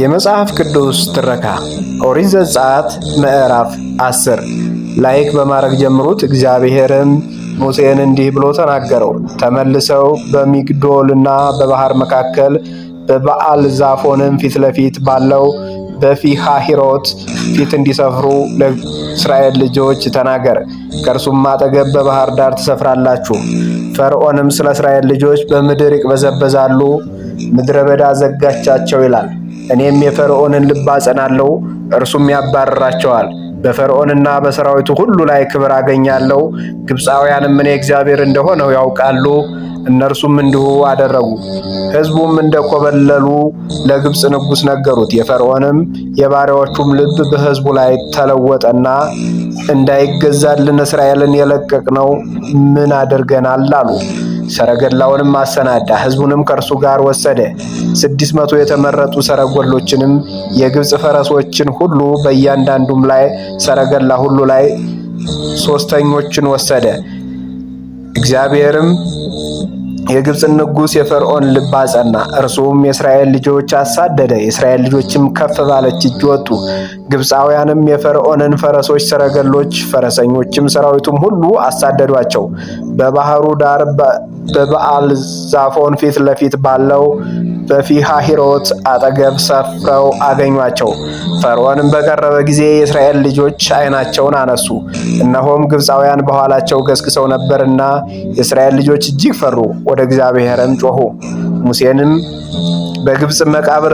የመጽሐፍ ቅዱስ ትረካ ኦሪት ዘጸአት ምዕራፍ አስር ላይክ በማድረግ ጀምሩት። እግዚአብሔርም ሙሴን እንዲህ ብሎ ተናገረው። ተመልሰው በሚግዶልና በባህር መካከል በበዓል ዛፎንም ፊት ለፊት ባለው በፊሃሂሮት ፊት እንዲሰፍሩ ለእስራኤል ልጆች ተናገር። ከእርሱም አጠገብ በባህር ዳር ትሰፍራላችሁ። ፈርዖንም ስለ እስራኤል ልጆች በምድር ይቅበዘበዛሉ፣ ምድረ በዳ ዘጋቻቸው ይላል። እኔም የፈርዖንን ልብ አጸናለሁ፣ እርሱም ያባርራቸዋል። በፈርዖንና በሰራዊቱ ሁሉ ላይ ክብር አገኛለሁ። ግብፃውያንም እኔ እግዚአብሔር እንደሆነው ያውቃሉ። እነርሱም እንዲሁ አደረጉ። ሕዝቡም እንደኮበለሉ ለግብፅ ንጉሥ ነገሩት። የፈርዖንም የባሪያዎቹም ልብ በሕዝቡ ላይ ተለወጠና እንዳይገዛልን እስራኤልን የለቀቅነው ምን አድርገናል አሉ። ሰረገላውንም አሰናዳ፣ ሕዝቡንም ከእርሱ ጋር ወሰደ። ስድስት መቶ የተመረጡ ሰረገሎችንም የግብፅ ፈረሶችን ሁሉ በእያንዳንዱም ላይ ሰረገላ ሁሉ ላይ ሶስተኞችን ወሰደ። እግዚአብሔርም የግብፅን ንጉሥ የፈርዖን ልብ አጸና። እርሱም የእስራኤል ልጆች አሳደደ። የእስራኤል ልጆችም ከፍ ባለች እጅ ወጡ። ግብፃውያንም የፈርዖንን ፈረሶች፣ ሰረገሎች፣ ፈረሰኞችም ሰራዊቱም ሁሉ አሳደዷቸው። በባህሩ ዳር በበዓል ዛፎን ፊት ለፊት ባለው በፊሃ ሂሮት አጠገብ ሰፍረው አገኟቸው። ፈርዖንም በቀረበ ጊዜ የእስራኤል ልጆች ዓይናቸውን አነሱ፣ እነሆም ግብፃውያን በኋላቸው ገስግሰው ነበርና የእስራኤል ልጆች እጅግ ፈሩ፣ ወደ እግዚአብሔርም ጮኹ። ሙሴንም በግብፅ መቃብር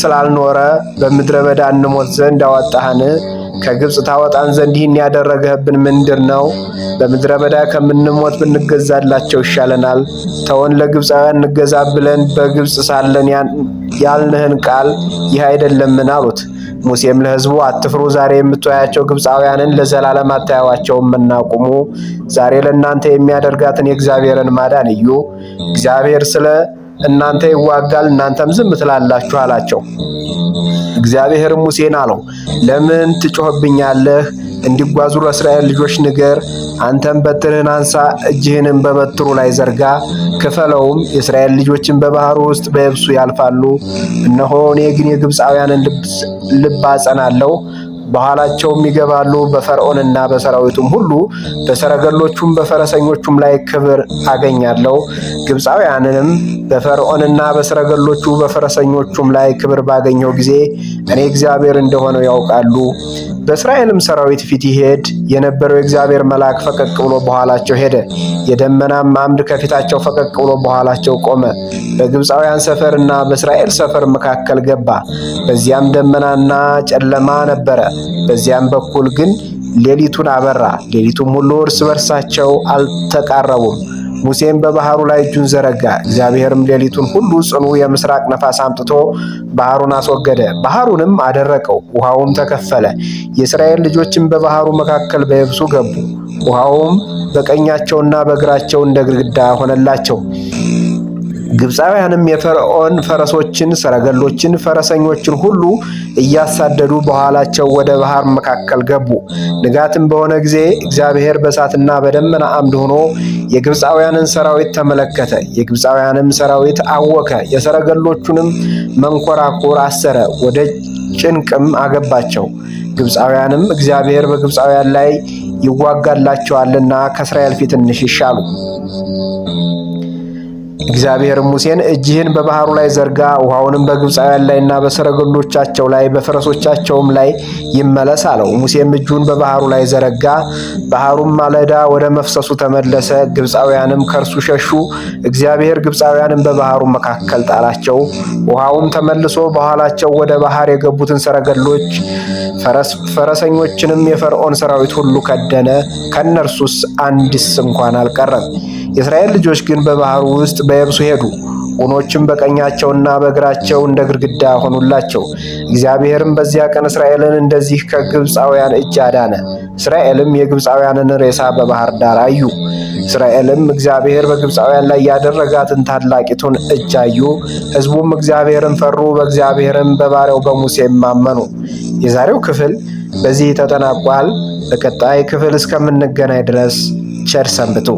ስላልኖረ በምድረ በዳ እንሞት ዘንድ አወጣህን ከግብፅ ታወጣን ዘንድ ይህን ያደረገህብን ምንድር ነው? በምድረ በዳ ከምንሞት ብንገዛላቸው ይሻለናል። ተወን፣ ለግብፃውያን እንገዛ ብለን በግብፅ ሳለን ያልንህን ቃል ይህ አይደለምን? አሉት። ሙሴም ለሕዝቡ አትፍሩ፣ ዛሬ የምትወያቸው ግብፃውያንን ለዘላለም አታዩዋቸውም እናቁሙ። ዛሬ ለእናንተ የሚያደርጋትን የእግዚአብሔርን ማዳን እዩ። እግዚአብሔር ስለ እናንተ ይዋጋል እናንተም ዝም ትላላችሁ አላቸው። እግዚአብሔር ሙሴን አለው፣ ለምን ትጮህብኛለህ? እንዲጓዙ ለእስራኤል ልጆች ንገር። አንተም በትርህን አንሳ፣ እጅህንም በበትሩ ላይ ዘርጋ፣ ክፈለውም። የእስራኤል ልጆችን በባህሩ ውስጥ በየብሱ ያልፋሉ። እነሆ እኔ ግን የግብፃውያንን ልብ አጸናለሁ በኋላቸውም ይገባሉ። በፈርዖንና በሰራዊቱም ሁሉ በሰረገሎቹም በፈረሰኞቹም ላይ ክብር አገኛለሁ። ግብፃውያንንም በፈርዖንና በሰረገሎቹ በፈረሰኞቹም ላይ ክብር ባገኘው ጊዜ እኔ እግዚአብሔር እንደሆነው ያውቃሉ። በእስራኤልም ሰራዊት ፊት ይሄድ የነበረው የእግዚአብሔር መልአክ ፈቀቅ ብሎ በኋላቸው ሄደ። የደመናም አምድ ከፊታቸው ፈቀቅ ብሎ በኋላቸው ቆመ። በግብፃውያን ሰፈርና በእስራኤል ሰፈር መካከል ገባ። በዚያም ደመናና ጨለማ ነበረ። በዚያም በኩል ግን ሌሊቱን አበራ። ሌሊቱም ሁሉ እርስ በርሳቸው አልተቃረቡም። ሙሴም በባህሩ ላይ እጁን ዘረጋ። እግዚአብሔርም ሌሊቱን ሁሉ ጽኑ የምስራቅ ነፋስ አምጥቶ ባህሩን አስወገደ፣ ባህሩንም አደረቀው። ውሃውም ተከፈለ። የእስራኤል ልጆችም በባህሩ መካከል በየብሱ ገቡ። ውሃውም በቀኛቸውና በግራቸው እንደ ግድግዳ ሆነላቸው። ግብፃውያንም የፈርዖን ፈረሶችን፣ ሰረገሎችን፣ ፈረሰኞችን ሁሉ እያሳደዱ በኋላቸው ወደ ባህር መካከል ገቡ። ንጋትም በሆነ ጊዜ እግዚአብሔር በእሳትና በደመና አምድ ሆኖ የግብፃውያንን ሰራዊት ተመለከተ። የግብፃውያንም ሰራዊት አወከ፣ የሰረገሎቹንም መንኮራኩር አሰረ፣ ወደ ጭንቅም አገባቸው። ግብፃውያንም እግዚአብሔር በግብፃውያን ላይ ይዋጋላቸዋልና ከእስራኤል ፊት እንሽሻሉ። እግዚአብሔር ሙሴን እጅህን በባህሩ ላይ ዘርጋ፣ ውሃውንም በግብፃውያን ላይና በሰረገሎቻቸው ላይ በፈረሶቻቸውም ላይ ይመለስ አለው። ሙሴም እጁን በባህሩ ላይ ዘረጋ፣ ባህሩም ማለዳ ወደ መፍሰሱ ተመለሰ። ግብፃውያንም ከእርሱ ሸሹ። እግዚአብሔር ግብፃውያንም በባህሩ መካከል ጣላቸው። ውሃውም ተመልሶ በኋላቸው ወደ ባህር የገቡትን ሰረገሎች፣ ፈረሰኞችንም የፈርዖን ሰራዊት ሁሉ ከደነ። ከእነርሱስ አንድስ እንኳን አልቀረም። የእስራኤል ልጆች ግን በባህሩ ውስጥ በየብሱ ሄዱ። ዑኖችም በቀኛቸውና በግራቸው እንደ ግድግዳ ሆኑላቸው። እግዚአብሔርም በዚያ ቀን እስራኤልን እንደዚህ ከግብፃውያን እጅ አዳነ። እስራኤልም የግብፃውያንን ሬሳ በባህር ዳር አዩ። እስራኤልም እግዚአብሔር በግብፃውያን ላይ ያደረጋትን ታላቂቱን እጅ አዩ። ሕዝቡም እግዚአብሔርን ፈሩ፣ በእግዚአብሔርም በባሪያው በሙሴም ማመኑ። የዛሬው ክፍል በዚህ ተጠናቋል። በቀጣይ ክፍል እስከምንገናኝ ድረስ ቸር ሰንብቱ።